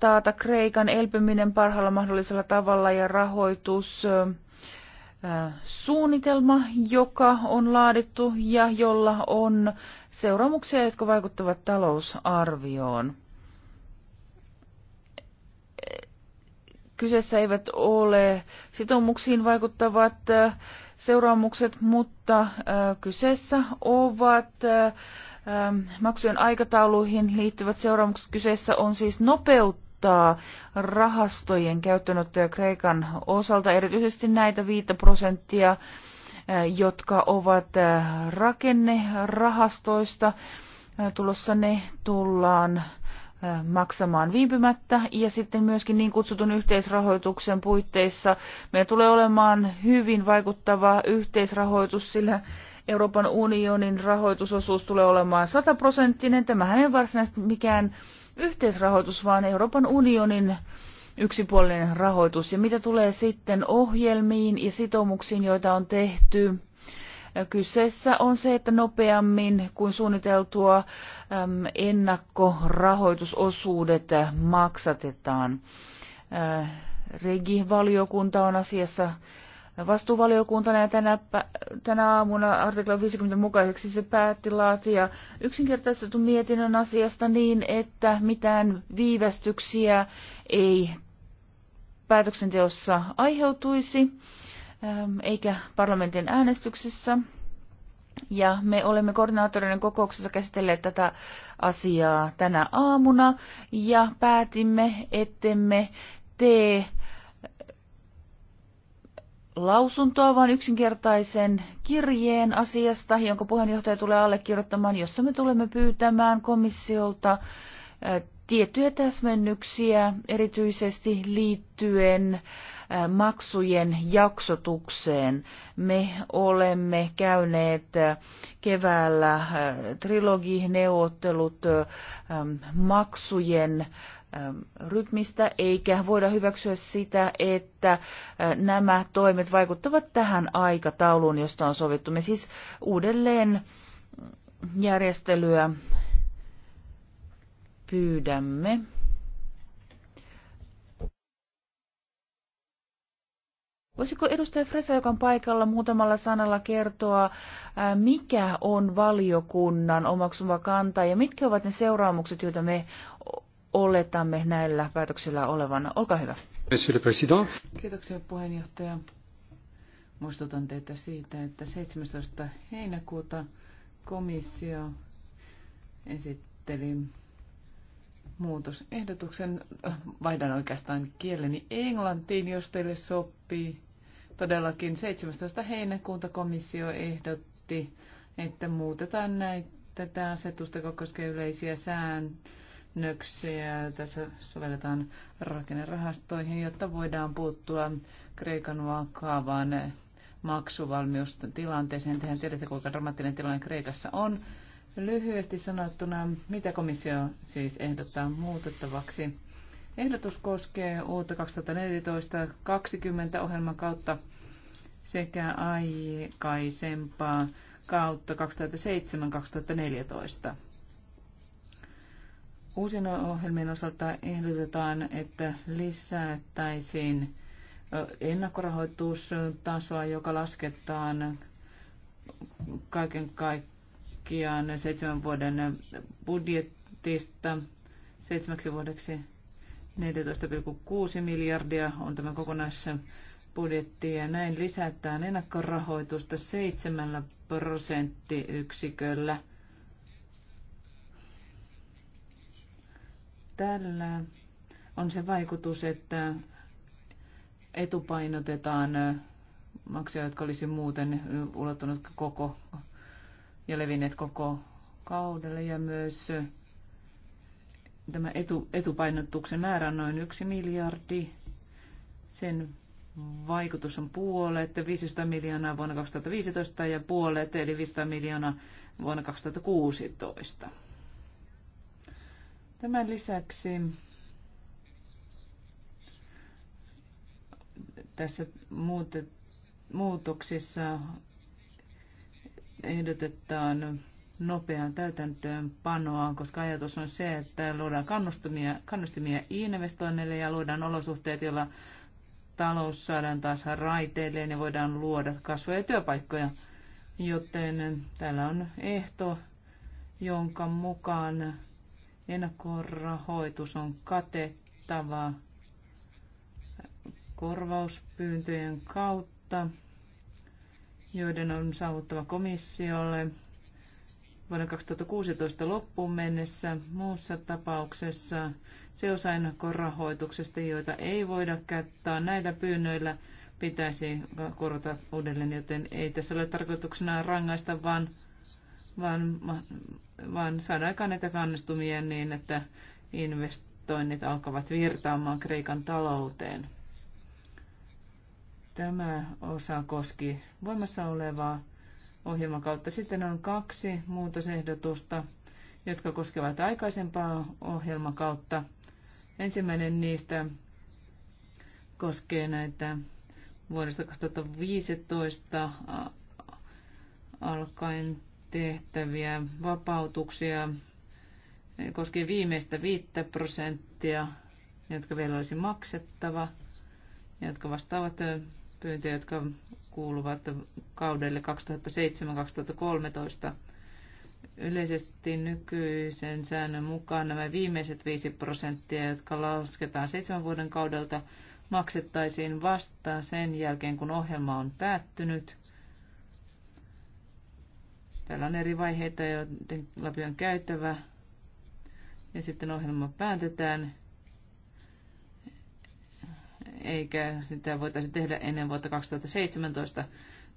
taata Kreikan elpyminen parhaalla mahdollisella tavalla ja rahoitus suunnitelma, joka on laadittu ja jolla on seuraamuksia, jotka vaikuttavat talousarvioon. Kyseessä eivät ole sitoumuksiin vaikuttavat seuraamukset, mutta kyseessä ovat Ähm, maksujen aikatauluihin liittyvät seuraamukset kyseessä on siis nopeuttaa rahastojen käyttöönottoja Kreikan osalta, erityisesti näitä 5 prosenttia, äh, jotka ovat äh, rakennerahastoista. Äh, tulossa ne tullaan maksamaan viipymättä ja sitten myöskin niin kutsutun yhteisrahoituksen puitteissa meillä tulee olemaan hyvin vaikuttava yhteisrahoitus, sillä Euroopan unionin rahoitusosuus tulee olemaan sataprosenttinen. Tämähän ei varsinaisesti mikään yhteisrahoitus, vaan Euroopan unionin yksipuolinen rahoitus. Ja mitä tulee sitten ohjelmiin ja sitoumuksiin, joita on tehty, Kyseessä on se, että nopeammin kuin suunniteltua ennakkorahoitusosuudet maksatetaan. Regi-valiokunta on asiassa vastuuvaliokuntana ja tänä, tänä aamuna artikla 50 mukaiseksi se päätti laatia yksinkertaistetun mietinnön asiasta niin, että mitään viivästyksiä ei päätöksenteossa aiheutuisi, ähm, eikä parlamentin äänestyksessä. Ja me olemme koordinaattoreiden kokouksessa käsitelleet tätä asiaa tänä aamuna ja päätimme, ettemme tee lausuntoa, vaan yksinkertaisen kirjeen asiasta, jonka puheenjohtaja tulee allekirjoittamaan, jossa me tulemme pyytämään komissiolta tiettyjä täsmennyksiä erityisesti liittyen maksujen jaksotukseen. Me olemme käyneet keväällä trilogineuvottelut maksujen Ähm, rytmistä, eikä voida hyväksyä sitä, että äh, nämä toimet vaikuttavat tähän aikatauluun, josta on sovittu. Me siis uudelleen järjestelyä pyydämme. Voisiko edustaja Fresa, joka on paikalla, muutamalla sanalla kertoa, äh, mikä on valiokunnan omaksuma kanta ja mitkä ovat ne seuraamukset, joita me oletamme näillä päätöksillä olevan. Olkaa hyvä. Monsieur le Président. Kiitoksia puheenjohtaja. Muistutan teitä siitä, että 17. heinäkuuta komissio esitteli muutosehdotuksen. Vaihdan oikeastaan kieleni englantiin, jos teille sopii. Todellakin 17. heinäkuuta komissio ehdotti, että muutetaan näitä, tätä asetusta, joka koskee yleisiä sääntöjä säännöksiä. Tässä sovelletaan rakennerahastoihin, jotta voidaan puuttua Kreikan vakavaan maksuvalmiustilanteeseen. Tehän tiedätte, kuinka dramaattinen tilanne Kreikassa on. Lyhyesti sanottuna, mitä komissio siis ehdottaa muutettavaksi? Ehdotus koskee uutta 2014-2020 ohjelman kautta sekä aikaisempaa kautta 2007-2014. Uusien ohjelmien osalta ehdotetaan, että lisättäisiin ennakkorahoitustasoa, joka lasketaan kaiken kaikkiaan seitsemän vuoden budjettista seitsemäksi vuodeksi 14,6 miljardia on tämä kokonaisbudjetti ja näin lisätään ennakkorahoitusta seitsemällä prosenttiyksiköllä – Tällä on se vaikutus, että etupainotetaan maksuja, jotka olisi muuten ulottunut koko ja levinneet koko kaudelle. Ja myös tämä etu, etupainotuksen määrä on noin yksi miljardi. Sen vaikutus on puolet, 500 miljoonaa vuonna 2015 ja puolet, eli 500 miljoonaa vuonna 2016. Tämän lisäksi tässä muutoksissa ehdotetaan nopean täytäntöönpanoa, koska ajatus on se, että luodaan kannustimia, kannustimia investoinneille ja luodaan olosuhteet, joilla talous saadaan taas raiteilleen ja voidaan luoda kasvoja ja työpaikkoja. Joten täällä on ehto, jonka mukaan Ennakkorahoitus on katettava korvauspyyntöjen kautta, joiden on saavuttava komissiolle vuoden 2016 loppuun mennessä. Muussa tapauksessa se osa ennakkorahoituksesta, joita ei voida käyttää näillä pyynnöillä, pitäisi korvata uudelleen, joten ei tässä ole tarkoituksena rangaista, vaan vaan, vaan saada aikaan näitä kannustumia niin, että investoinnit alkavat virtaamaan Kreikan talouteen. Tämä osa koski voimassa olevaa ohjelmakautta. Sitten on kaksi muutosehdotusta, jotka koskevat aikaisempaa ohjelmakautta. Ensimmäinen niistä koskee näitä vuodesta 2015 alkaen tehtäviä vapautuksia koskien viimeistä viittä prosenttia, jotka vielä olisi maksettava, jotka vastaavat pyyntöjä, jotka kuuluvat kaudelle 2007-2013. Yleisesti nykyisen säännön mukaan nämä viimeiset 5 prosenttia, jotka lasketaan seitsemän vuoden kaudelta, maksettaisiin vasta sen jälkeen, kun ohjelma on päättynyt – Täällä on eri vaiheita, joiden läpi on käytävä. Ja sitten ohjelma päätetään. Eikä sitä voitaisi tehdä ennen vuotta 2017.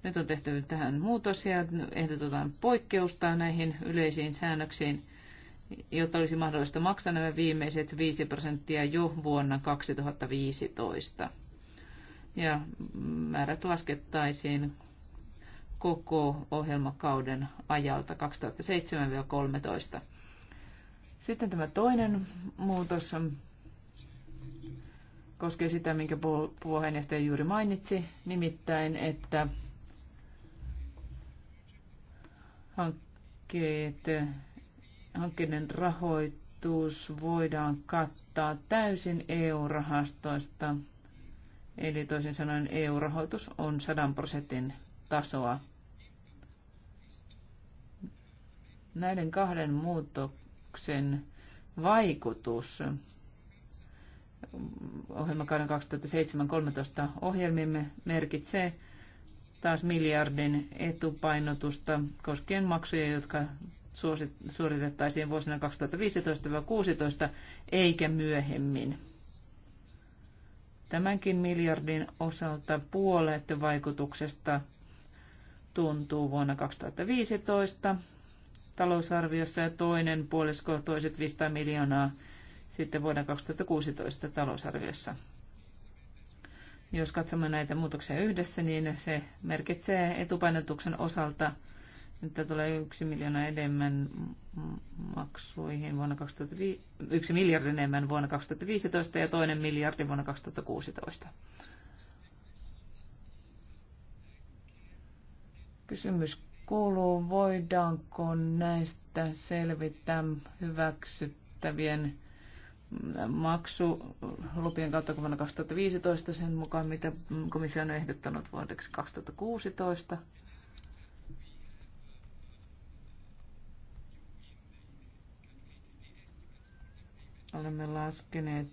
Nyt on tehty tähän muutosia, Ehdotetaan poikkeusta näihin yleisiin säännöksiin, jotta olisi mahdollista maksaa nämä viimeiset 5 prosenttia jo vuonna 2015. Ja määrät laskettaisiin koko ohjelmakauden ajalta 2007-2013. Sitten tämä toinen muutos koskee sitä, minkä puheenjohtaja juuri mainitsi, nimittäin, että hankkeet, hankkeiden rahoitus voidaan kattaa täysin EU-rahastoista, eli toisin sanoen EU-rahoitus on 100 prosentin tasoa. Näiden kahden muutoksen vaikutus ohjelmakauden 2007-2013 ohjelmimme merkitsee taas miljardin etupainotusta koskien maksuja, jotka suoritettaisiin vuosina 2015-2016 eikä myöhemmin. Tämänkin miljardin osalta puolet vaikutuksesta tuntuu vuonna 2015 talousarviossa ja toinen puolisko toiset 500 miljoonaa sitten vuonna 2016 talousarviossa. Jos katsomme näitä muutoksia yhdessä, niin se merkitsee etupainotuksen osalta, että tulee yksi miljoona enemmän maksuihin vuonna 2005, yksi miljardi enemmän vuonna 2015 ja toinen miljardi vuonna 2016. Kysymys kuuluu, voidaanko näistä selvittää hyväksyttävien maksulupien kautta vuonna 2015 sen mukaan, mitä komissio on ehdottanut vuodeksi 2016. Olemme laskeneet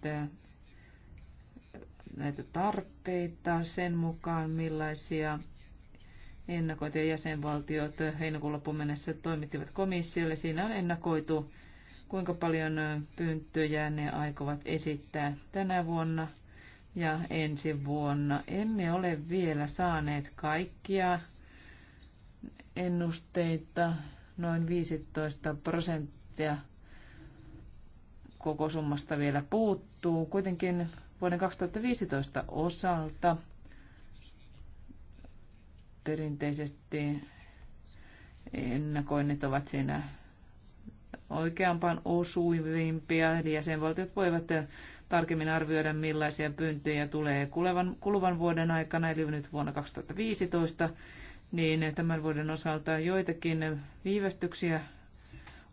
näitä tarpeita sen mukaan, millaisia ennakoitu ja jäsenvaltiot heinäkuun loppuun mennessä toimittivat komissiolle. Siinä on ennakoitu, kuinka paljon pyyntöjä ne aikovat esittää tänä vuonna ja ensi vuonna. Emme ole vielä saaneet kaikkia ennusteita, noin 15 prosenttia koko summasta vielä puuttuu. Kuitenkin vuoden 2015 osalta perinteisesti ennakoinnit ovat siinä oikeampaan osuivimpia. Jäsenvaltiot voivat tarkemmin arvioida, millaisia pyyntöjä tulee kuluvan, kuluvan vuoden aikana, eli nyt vuonna 2015, niin tämän vuoden osalta joitakin viivästyksiä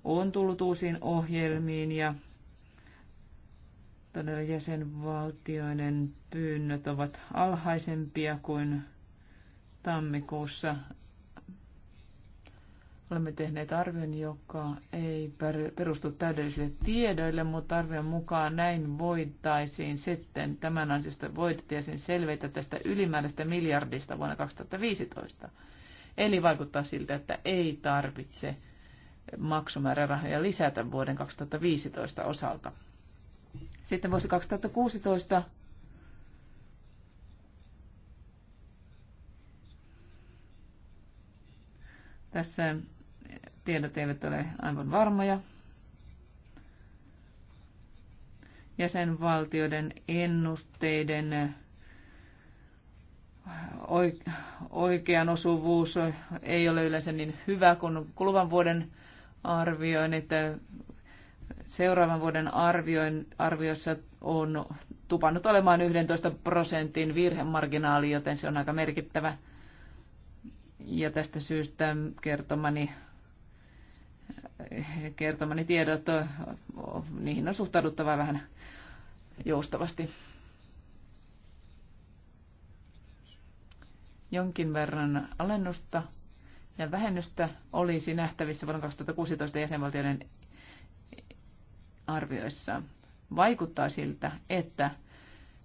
on tullut uusiin ohjelmiin ja todella jäsenvaltioiden pyynnöt ovat alhaisempia kuin tammikuussa olemme tehneet arvion, joka ei perustu täydellisille tiedoille, mutta arvion mukaan näin voitaisiin sitten tämän ansiosta voitaisiin selvitä tästä ylimääräistä miljardista vuonna 2015. Eli vaikuttaa siltä, että ei tarvitse maksumäärärahoja lisätä vuoden 2015 osalta. Sitten vuosi 2016 Tässä tiedot eivät ole aivan varmoja. Jäsenvaltioiden ennusteiden oikean osuvuus ei ole yleensä niin hyvä kuin kuluvan vuoden että Seuraavan vuoden arvioin, arvioissa on tupannut olemaan 11 prosentin virhemarginaali, joten se on aika merkittävä ja tästä syystä kertomani, kertomani tiedot, niihin on suhtauduttava vähän joustavasti. Jonkin verran alennusta ja vähennystä olisi nähtävissä vuonna 2016 jäsenvaltioiden arvioissa. Vaikuttaa siltä, että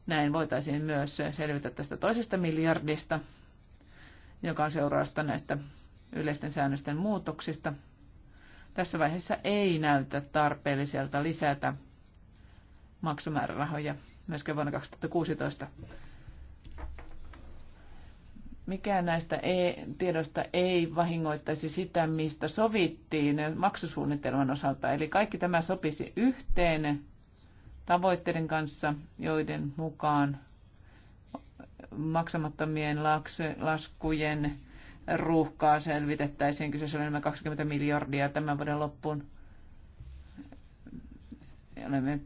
näin voitaisiin myös selvitä tästä toisesta miljardista – joka on seurausta näistä yleisten säännösten muutoksista. Tässä vaiheessa ei näytä tarpeelliselta lisätä maksumäärärahoja myöskään vuonna 2016. Mikään näistä ei, tiedosta ei vahingoittaisi sitä, mistä sovittiin maksusuunnitelman osalta. Eli kaikki tämä sopisi yhteen tavoitteiden kanssa, joiden mukaan maksamattomien laskujen ruuhkaa selvitettäisiin. Kyseessä oli enemmän 20 miljardia tämän vuoden loppuun. Olemme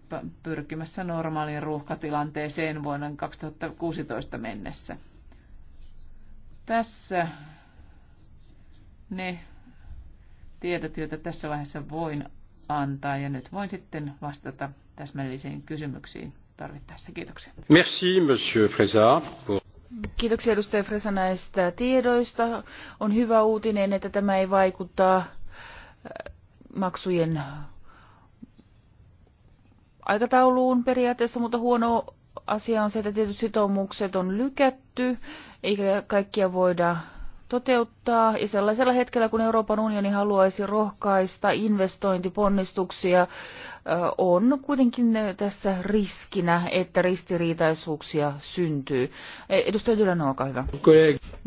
pyrkimässä normaaliin ruuhkatilanteeseen vuonna 2016 mennessä. Tässä ne tiedot, joita tässä vaiheessa voin antaa, ja nyt voin sitten vastata täsmällisiin kysymyksiin tarvittaessa. Kiitoksia. Merci, monsieur Freza. Kiitoksia edustaja Fresa näistä tiedoista. On hyvä uutinen, että tämä ei vaikuta äh, maksujen aikatauluun periaatteessa, mutta huono asia on se, että tietyt sitoumukset on lykätty, eikä kaikkia voida toteuttaa ja sellaisella hetkellä, kun Euroopan unioni haluaisi rohkaista investointiponnistuksia, on kuitenkin tässä riskinä, että ristiriitaisuuksia syntyy. E, edustaja Dylan, olkaa hyvä.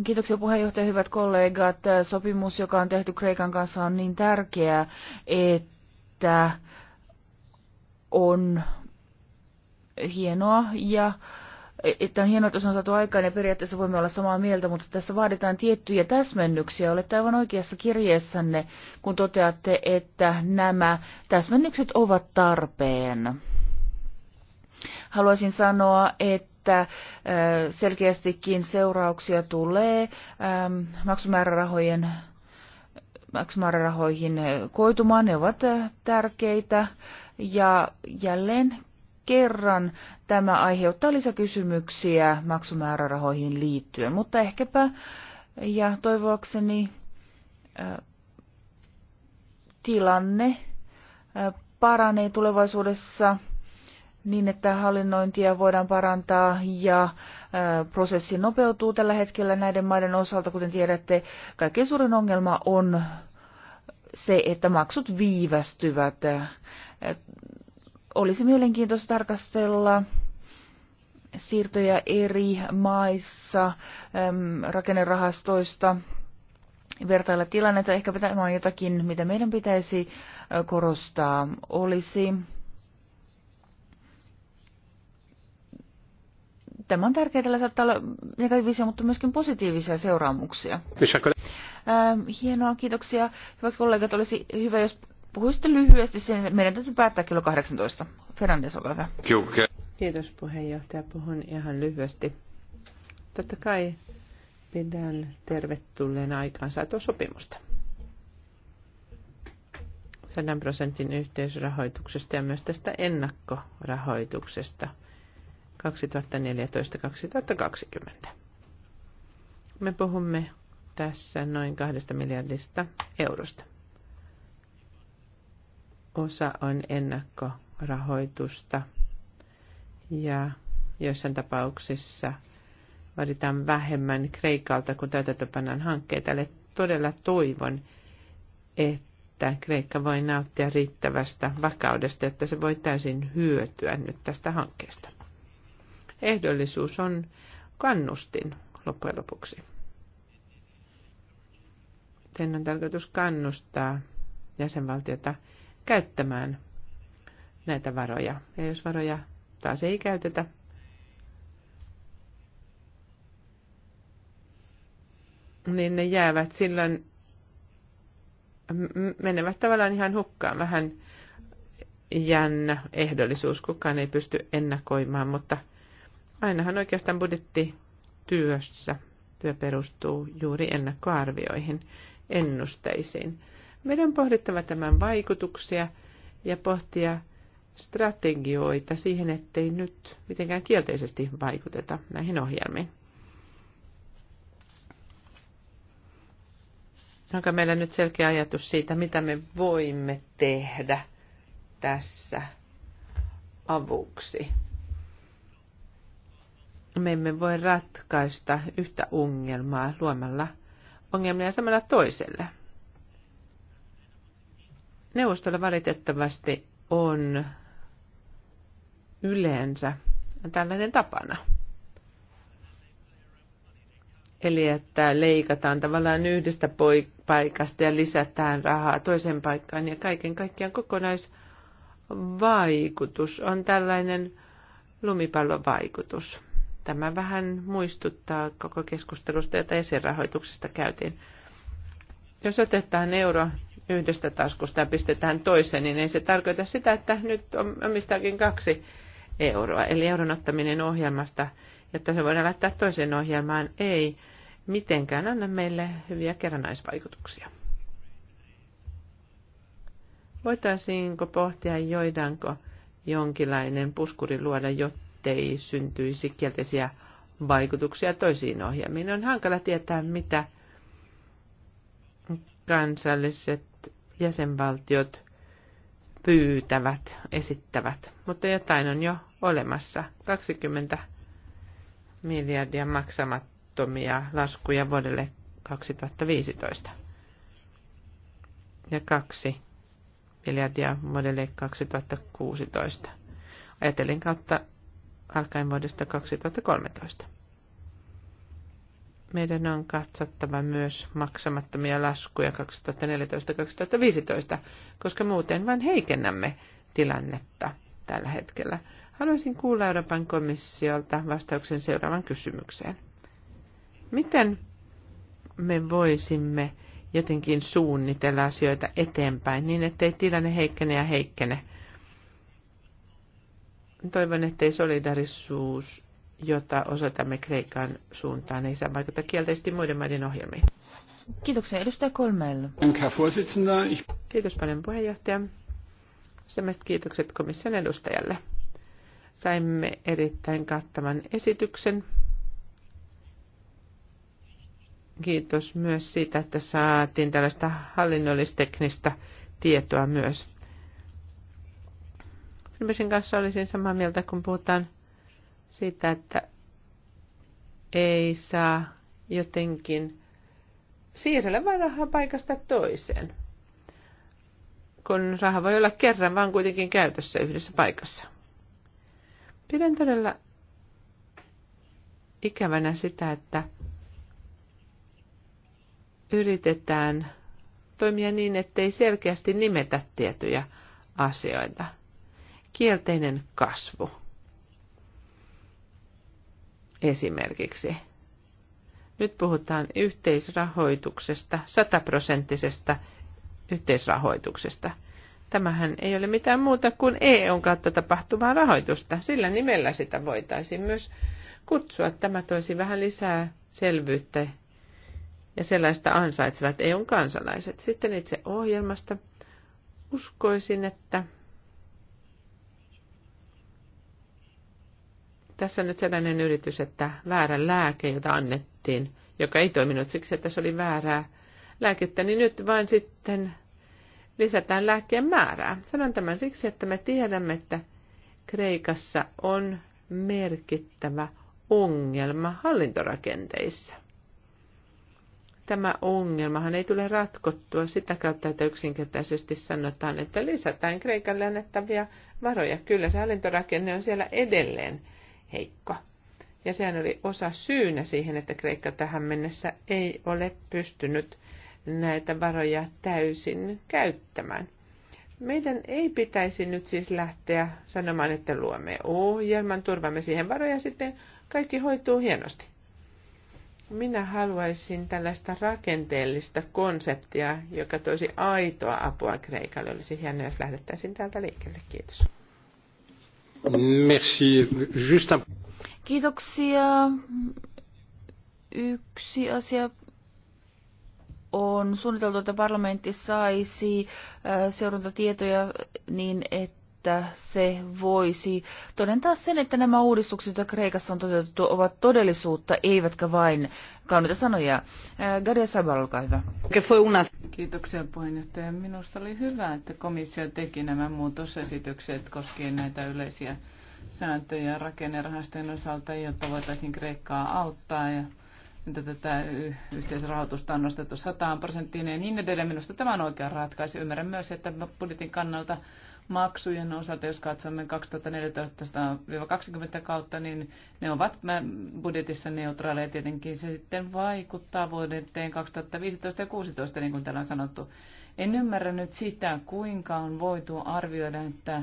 Kiitoksia puheenjohtaja, hyvät kollegat. Sopimus, joka on tehty Kreikan kanssa, on niin tärkeä, että on hienoa ja että on hienoa, että se on saatu aikaan ja periaatteessa voimme olla samaa mieltä, mutta tässä vaaditaan tiettyjä täsmennyksiä. Olette aivan oikeassa kirjeessänne, kun toteatte, että nämä täsmennykset ovat tarpeen. Haluaisin sanoa, että äh, selkeästikin seurauksia tulee ähm, maksumäärärahojen maksumäärärahoihin koitumaan. Ne ovat äh, tärkeitä. Ja jälleen kerran tämä aiheuttaa lisäkysymyksiä maksumäärärahoihin liittyen, mutta ehkäpä ja toivoakseni tilanne paranee tulevaisuudessa niin, että hallinnointia voidaan parantaa ja prosessi nopeutuu tällä hetkellä näiden maiden osalta. Kuten tiedätte, kaikkein suurin ongelma on se, että maksut viivästyvät. Olisi mielenkiintoista tarkastella siirtoja eri maissa rakennerahastoista, vertailla tilannetta. Ehkä tämä on jotakin, mitä meidän pitäisi korostaa. Olisi Tämä on tärkeää, tällä saattaa olla negatiivisia, mutta myöskin positiivisia seuraamuksia. Hienoa, kiitoksia. Hyvät kollegat, olisi hyvä, jos puhuisitte lyhyesti, sen meidän täytyy päättää kello 18. Fernandes, olkaa hyvä. Kiitos puheenjohtaja, puhun ihan lyhyesti. Totta kai pidän tervetulleen aikaansaatoa sopimusta. 100 prosentin yhteisrahoituksesta ja myös tästä ennakkorahoituksesta 2014-2020. Me puhumme tässä noin kahdesta miljardista eurosta osa on ennakkorahoitusta ja joissain tapauksissa vaaditaan vähemmän Kreikalta, kun täytäntöpannan hankkeita. Eli todella toivon, että Kreikka voi nauttia riittävästä vakaudesta, että se voi täysin hyötyä nyt tästä hankkeesta. Ehdollisuus on kannustin loppujen lopuksi. Sen on tarkoitus kannustaa jäsenvaltiota käyttämään näitä varoja. Ja jos varoja taas ei käytetä, niin ne jäävät silloin, menevät tavallaan ihan hukkaan. Vähän jännä ehdollisuus, kukaan ei pysty ennakoimaan, mutta ainahan oikeastaan budjettityössä työ perustuu juuri ennakkoarvioihin, ennusteisiin. Meidän on pohdittava tämän vaikutuksia ja pohtia strategioita siihen, ettei nyt mitenkään kielteisesti vaikuteta näihin ohjelmiin. Onko meillä nyt selkeä ajatus siitä, mitä me voimme tehdä tässä avuksi? Me emme voi ratkaista yhtä ongelmaa luomalla ongelmia samalla toiselle neuvostolla valitettavasti on yleensä tällainen tapana. Eli että leikataan tavallaan yhdestä paikasta ja lisätään rahaa toiseen paikkaan ja kaiken kaikkiaan kokonaisvaikutus on tällainen lumipallovaikutus. Tämä vähän muistuttaa koko keskustelusta, jota esirahoituksesta käytiin. Jos otetaan euro yhdestä taskusta ja pistetään toiseen, niin ei se tarkoita sitä, että nyt on omistaakin kaksi euroa. Eli euron ottaminen ohjelmasta, jotta se voidaan laittaa toiseen ohjelmaan, ei mitenkään anna meille hyviä kerranaisvaikutuksia. Voitaisiinko pohtia, joidanko jonkinlainen puskuri luoda, jottei syntyisi kielteisiä vaikutuksia toisiin ohjelmiin. On hankala tietää, mitä kansalliset jäsenvaltiot pyytävät, esittävät, mutta jotain on jo olemassa. 20 miljardia maksamattomia laskuja vuodelle 2015 ja 2 miljardia vuodelle 2016. Ajattelin kautta alkaen vuodesta 2013 meidän on katsottava myös maksamattomia laskuja 2014-2015, koska muuten vain heikennämme tilannetta tällä hetkellä. Haluaisin kuulla Euroopan komissiolta vastauksen seuraavan kysymykseen. Miten me voisimme jotenkin suunnitella asioita eteenpäin niin, ettei tilanne heikkene ja heikkene? Toivon, ettei solidarisuus jota osoitamme Kreikan suuntaan, ei saa vaikuttaa kielteisesti muiden maiden ohjelmiin. Kiitoksia edustaja Kolmel. Kiitos paljon puheenjohtaja. Semmäiset kiitokset komission edustajalle. Saimme erittäin kattavan esityksen. Kiitos myös siitä, että saatiin tällaista hallinnollisteknistä tietoa myös. Filmesin kanssa olisin samaa mieltä, kun puhutaan sitä, että ei saa jotenkin siirrellä vain rahaa paikasta toiseen, kun raha voi olla kerran vaan kuitenkin käytössä yhdessä paikassa. Pidän todella ikävänä sitä, että yritetään toimia niin, ettei selkeästi nimetä tiettyjä asioita. Kielteinen kasvu – esimerkiksi. Nyt puhutaan yhteisrahoituksesta, sataprosenttisesta yhteisrahoituksesta. Tämähän ei ole mitään muuta kuin EUn kautta tapahtuvaa rahoitusta. Sillä nimellä sitä voitaisiin myös kutsua. Tämä toisi vähän lisää selvyyttä ja sellaista ansaitsevat EUn kansalaiset. Sitten itse ohjelmasta uskoisin, että Tässä on nyt sellainen yritys, että väärä lääke, jota annettiin, joka ei toiminut siksi, että se oli väärää lääkettä, niin nyt vain sitten lisätään lääkkeen määrää. Sanon tämän siksi, että me tiedämme, että Kreikassa on merkittävä ongelma hallintorakenteissa. Tämä ongelmahan ei tule ratkottua sitä kautta, että yksinkertaisesti sanotaan, että lisätään Kreikalle annettavia varoja. Kyllä se hallintorakenne on siellä edelleen heikko. Ja sehän oli osa syynä siihen, että Kreikka tähän mennessä ei ole pystynyt näitä varoja täysin käyttämään. Meidän ei pitäisi nyt siis lähteä sanomaan, että luomme ohjelman, turvamme siihen varoja sitten kaikki hoituu hienosti. Minä haluaisin tällaista rakenteellista konseptia, joka toisi aitoa apua Kreikalle. Olisi hienoa, jos lähdettäisiin täältä liikkeelle. Kiitos. Merci. Just Kiitoksia. Yksi asia on suunniteltu, että parlamentti saisi äh, seurantatietoja niin, että että se voisi todentaa sen, että nämä uudistukset, joita Kreikassa on toteutettu, ovat todellisuutta, eivätkä vain kauniita sanoja. Garja Sabal, olkaa hyvä. Kiitoksia puheenjohtaja. Minusta oli hyvä, että komissio teki nämä muutosesitykset koskien näitä yleisiä sääntöjä rakennerahastojen osalta, jotta voitaisiin Kreikkaa auttaa ja että tätä yhteisrahoitusta on nostettu 100 prosenttiin ja niin edelleen. Minusta tämä on oikea ratkaisu. Ymmärrän myös, että budjetin kannalta maksujen osalta, jos katsomme 2014-2020 kautta, niin ne ovat budjetissa neutraaleja. Tietenkin se sitten vaikuttaa vuoden 2015 ja 2016, niin kuin täällä on sanottu. En ymmärrä nyt sitä, kuinka on voitu arvioida, että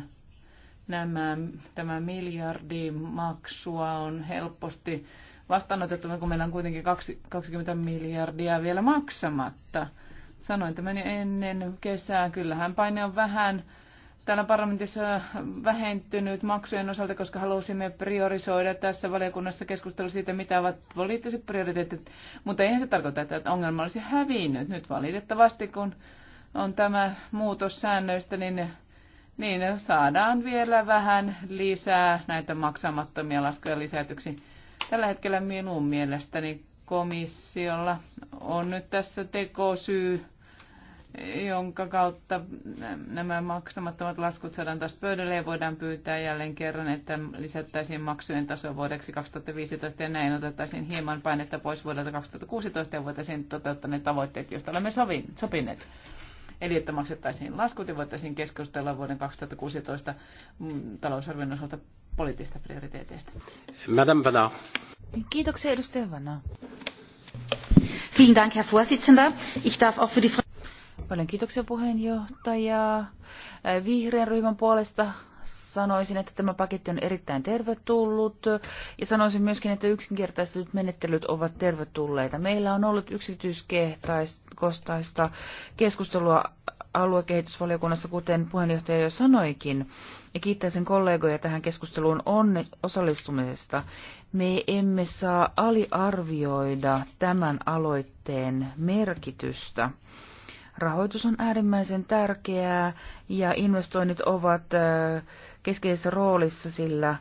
nämä, tämä miljardi maksua on helposti vastaanotettu, kun meillä on kuitenkin 20 miljardia vielä maksamatta. Sanoin tämän jo ennen kesää, kyllähän paine on vähän täällä parlamentissa vähentynyt maksujen osalta, koska halusimme priorisoida tässä valiokunnassa keskustelu siitä, mitä ovat poliittiset prioriteetit. Mutta eihän se tarkoita, että ongelma olisi hävinnyt nyt valitettavasti, kun on tämä muutos säännöistä, niin, niin saadaan vielä vähän lisää näitä maksamattomia laskuja lisätyksi. Tällä hetkellä minun mielestäni komissiolla on nyt tässä tekosyy jonka kautta nämä maksamattomat laskut saadaan taas pöydälle ja voidaan pyytää jälleen kerran, että lisättäisiin maksujen taso vuodeksi 2015 ja näin otettaisiin hieman painetta pois vuodelta 2016 ja voitaisiin toteuttaa ne tavoitteet, joista olemme sopineet. Eli että maksettaisiin laskut ja voitaisiin keskustella vuoden 2016 talousarvion osalta poliittisista prioriteeteista. Madame Kiitoksia edustaja Vanna. Vielen Dank, Herr Vorsitzender. Ich darf auch für die Paljon kiitoksia puheenjohtaja. Vihreän ryhmän puolesta sanoisin, että tämä paketti on erittäin tervetullut ja sanoisin myöskin, että yksinkertaiset menettelyt ovat tervetulleita. Meillä on ollut yksityiskohtaista keskustelua aluekehitysvaliokunnassa, kuten puheenjohtaja jo sanoikin, ja kiittäisin kollegoja tähän keskusteluun on osallistumisesta. Me emme saa aliarvioida tämän aloitteen merkitystä. Rahoitus on äärimmäisen tärkeää ja investoinnit ovat keskeisessä roolissa, sillä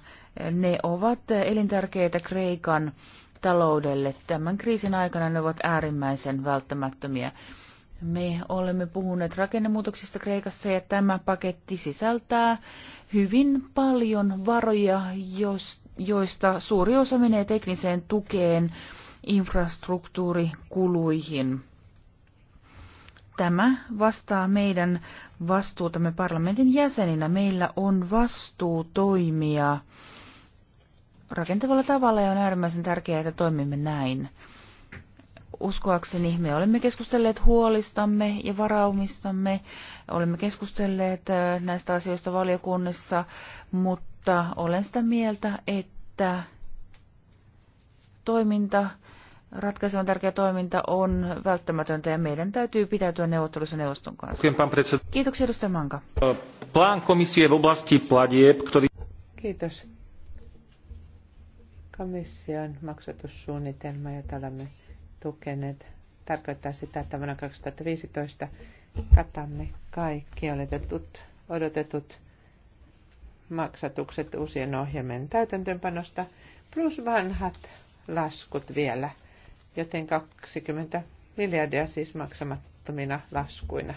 ne ovat elintärkeitä Kreikan taloudelle. Tämän kriisin aikana ne ovat äärimmäisen välttämättömiä. Me olemme puhuneet rakennemuutoksista Kreikassa ja tämä paketti sisältää hyvin paljon varoja, joista suuri osa menee tekniseen tukeen, infrastruktuurikuluihin. Tämä vastaa meidän vastuutamme parlamentin jäseninä. Meillä on vastuu toimia rakentavalla tavalla ja on äärimmäisen tärkeää, että toimimme näin. Uskoakseni me olemme keskustelleet huolistamme ja varaumistamme, olemme keskustelleet äh, näistä asioista valiokunnissa, mutta olen sitä mieltä, että toiminta ratkaisevan tärkeä toiminta on välttämätöntä ja meidän täytyy pitäytyä neuvottelussa neuvoston kanssa. Kiitoksia edustaja Manka. Plan komissie v oblasti pladieb, ktorý... Kiitos. Komission maksatussuunnitelma, jota olemme tukeneet, tarkoittaa sitä, että vuonna 2015 katamme kaikki oletetut, odotetut maksatukset uusien ohjelmien täytäntöönpanosta, plus vanhat laskut vielä – joten 20 miljardia siis maksamattomina laskuina.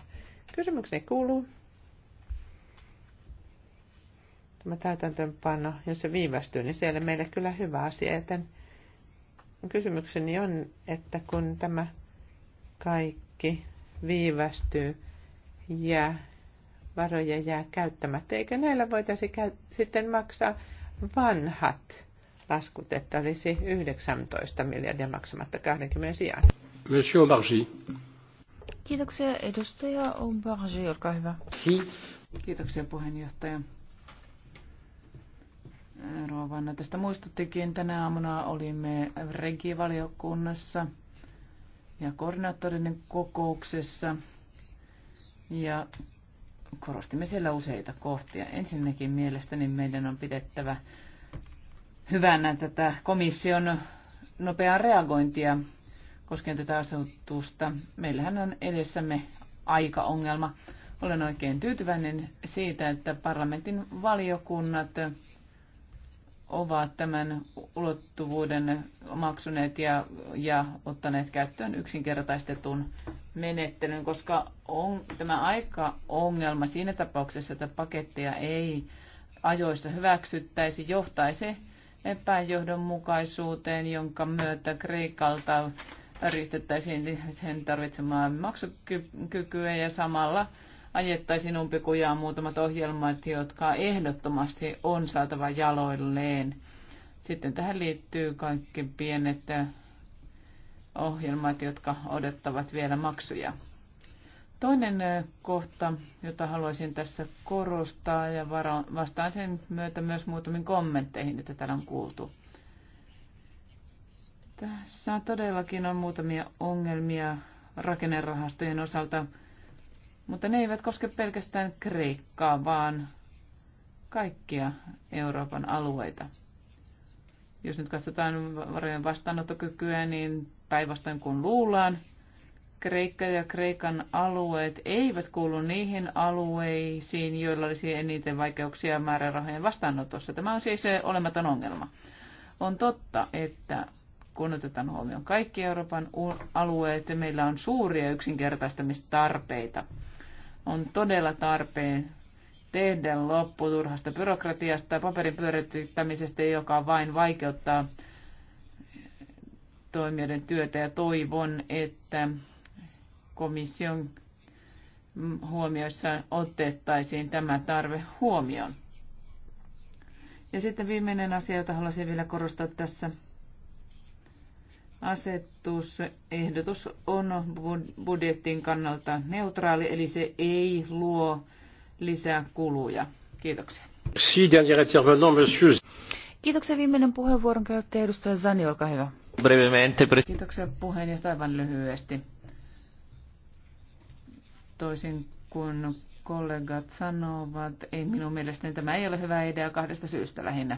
Kysymykseni kuuluu, tämä täytäntöönpano, jos se viivästyy, niin siellä meille kyllä hyvä asia, joten kysymykseni on, että kun tämä kaikki viivästyy ja varoja jää käyttämättä, eikö näillä voitaisi käy- sitten maksaa vanhat että olisi 19 miljardia maksamatta 20 sijaan. Monsieur Bargi. Kiitoksia edustaja Aubergi, olkaa hyvä. Si. Kiitoksia puheenjohtaja. Rovanna tästä muistuttikin. Tänä aamuna olimme regivaliokunnassa ja koordinaattorinen kokouksessa ja korostimme siellä useita kohtia. Ensinnäkin mielestäni meidän on pidettävä hyvänä tätä komission nopeaa reagointia koskien tätä asetusta. Meillähän on edessämme aikaongelma. Olen oikein tyytyväinen siitä, että parlamentin valiokunnat ovat tämän ulottuvuuden omaksuneet ja, ja ottaneet käyttöön yksinkertaistetun menettelyn, koska on, tämä aika-ongelma siinä tapauksessa, että pakettia ei ajoissa hyväksyttäisi, johtaisi epäjohdonmukaisuuteen, jonka myötä Kreikalta ristettäisiin sen tarvitsemaan maksukykyä ja samalla ajettaisiin umpikujaan muutamat ohjelmat, jotka ehdottomasti on saatava jaloilleen. Sitten tähän liittyy kaikki pienet ohjelmat, jotka odottavat vielä maksuja. Toinen kohta, jota haluaisin tässä korostaa ja vastaan sen myötä myös muutamiin kommentteihin, että täällä on kuultu. Tässä todellakin on muutamia ongelmia rakennerahastojen osalta, mutta ne eivät koske pelkästään Kreikkaa, vaan kaikkia Euroopan alueita. Jos nyt katsotaan varojen vastaanottokykyä, niin päinvastoin kuin luullaan, Kreikka ja Kreikan alueet eivät kuulu niihin alueisiin, joilla olisi eniten vaikeuksia määrärahojen vastaanotossa. Tämä on siis olematon ongelma. On totta, että kun otetaan huomioon kaikki Euroopan alueet, meillä on suuria yksinkertaistamistarpeita. On todella tarpeen tehdä loppu turhasta byrokratiasta ja paperin pyörittämisestä, joka vain vaikeuttaa toimijoiden työtä ja toivon, että komission huomioissa otettaisiin tämä tarve huomioon. Ja sitten viimeinen asia, jota haluaisin vielä korostaa tässä. Asetusehdotus on budjettin kannalta neutraali, eli se ei luo lisää kuluja. Kiitoksia. Kiitoksia. Viimeinen puheenvuoron käyttäjä edustaja Zani, olkaa hyvä. Brevemente. Kiitoksia puheenjohtaja aivan lyhyesti toisin kuin kollegat sanovat, ei minun mielestäni tämä ei ole hyvä idea kahdesta syystä lähinnä.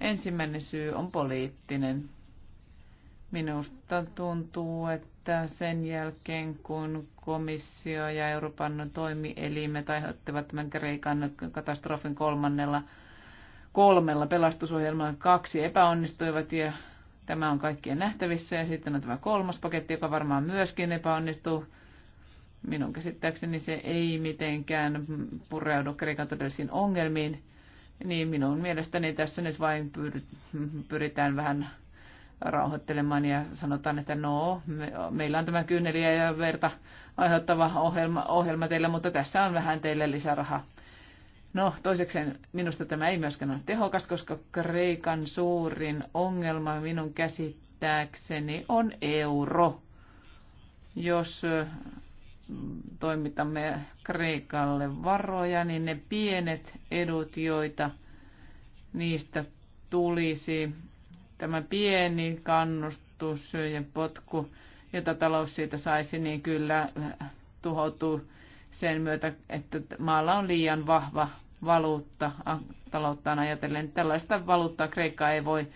Ensimmäinen syy on poliittinen. Minusta tuntuu, että sen jälkeen kun komissio ja Euroopan toimielimet aiheuttivat tämän Kreikan katastrofin kolmannella kolmella pelastusohjelmalla kaksi epäonnistuivat ja tämä on kaikkien nähtävissä. Ja sitten on tämä kolmas paketti, joka varmaan myöskin epäonnistuu minun käsittääkseni se ei mitenkään pureudu Kreikan todellisiin ongelmiin, niin minun mielestäni tässä nyt vain pyritään vähän rauhoittelemaan ja sanotaan, että no, me, meillä on tämä kyyneliä ja verta aiheuttava ohjelma, ohjelma teille, mutta tässä on vähän teille lisäraha. No, toisekseen minusta tämä ei myöskään ole tehokas, koska Kreikan suurin ongelma minun käsittääkseni on euro. Jos toimitamme Kreikalle varoja, niin ne pienet edut, joita niistä tulisi, tämä pieni kannustus ja potku, jota talous siitä saisi, niin kyllä tuhoutuu sen myötä, että maalla on liian vahva valuutta talouttaan ajatellen. Tällaista valuuttaa Kreikka ei voi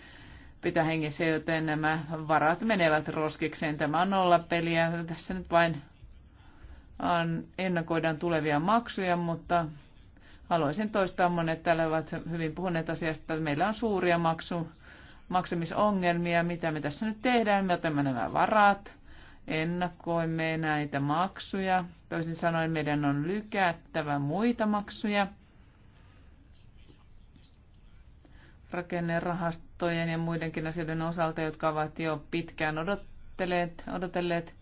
pitää hengissä, joten nämä varat menevät roskikseen. Tämä on peliä Tässä nyt vain ennakoidaan tulevia maksuja, mutta haluaisin toistaa monet täällä ovat hyvin puhuneet asiasta, että meillä on suuria maksu, maksamisongelmia, mitä me tässä nyt tehdään, me otamme nämä varat, ennakoimme näitä maksuja, toisin sanoen meidän on lykättävä muita maksuja, rakennerahastojen ja muidenkin asioiden osalta, jotka ovat jo pitkään odotteleet, odotelleet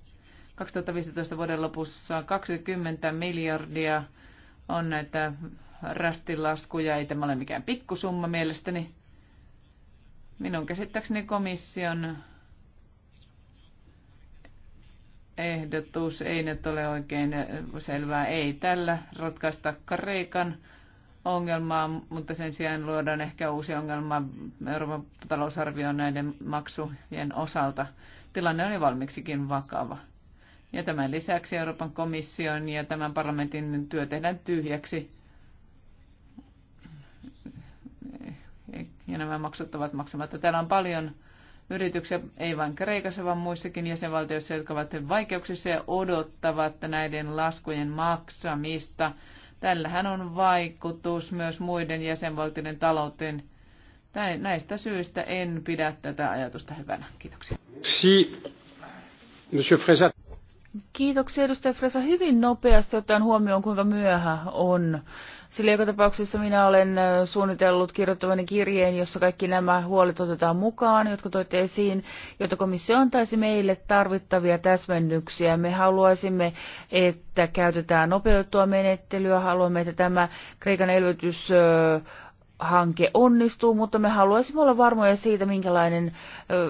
2015 vuoden lopussa 20 miljardia on näitä rastilaskuja. Ei tämä ole mikään pikkusumma mielestäni. Minun käsittääkseni komission ehdotus ei nyt ole oikein selvää. Ei tällä ratkaista Kreikan ongelmaa, mutta sen sijaan luodaan ehkä uusi ongelma Euroopan talousarvioon näiden maksujen osalta. Tilanne on jo valmiiksikin vakava. Ja tämän lisäksi Euroopan komission ja tämän parlamentin työ tehdään tyhjäksi. Ja nämä maksut ovat maksamatta. Täällä on paljon yrityksiä, ei vain Kreikassa, vaan muissakin jäsenvaltioissa, jotka ovat vaikeuksissa ja odottavat näiden laskujen maksamista. Tällähän on vaikutus myös muiden jäsenvaltioiden talouteen. Näistä syistä en pidä tätä ajatusta hyvänä. Kiitoksia. Si, monsieur Fresa. Kiitoksia edustaja Fresa hyvin nopeasti ottaen huomioon, kuinka myöhä on. Sillä joka tapauksessa minä olen suunnitellut kirjoittavani kirjeen, jossa kaikki nämä huolet otetaan mukaan, jotka toitte esiin, joita komissio antaisi meille tarvittavia täsmennyksiä. Me haluaisimme, että käytetään nopeuttua menettelyä, haluamme, että tämä Kreikan elvytys hanke onnistuu, mutta me haluaisimme olla varmoja siitä, minkälainen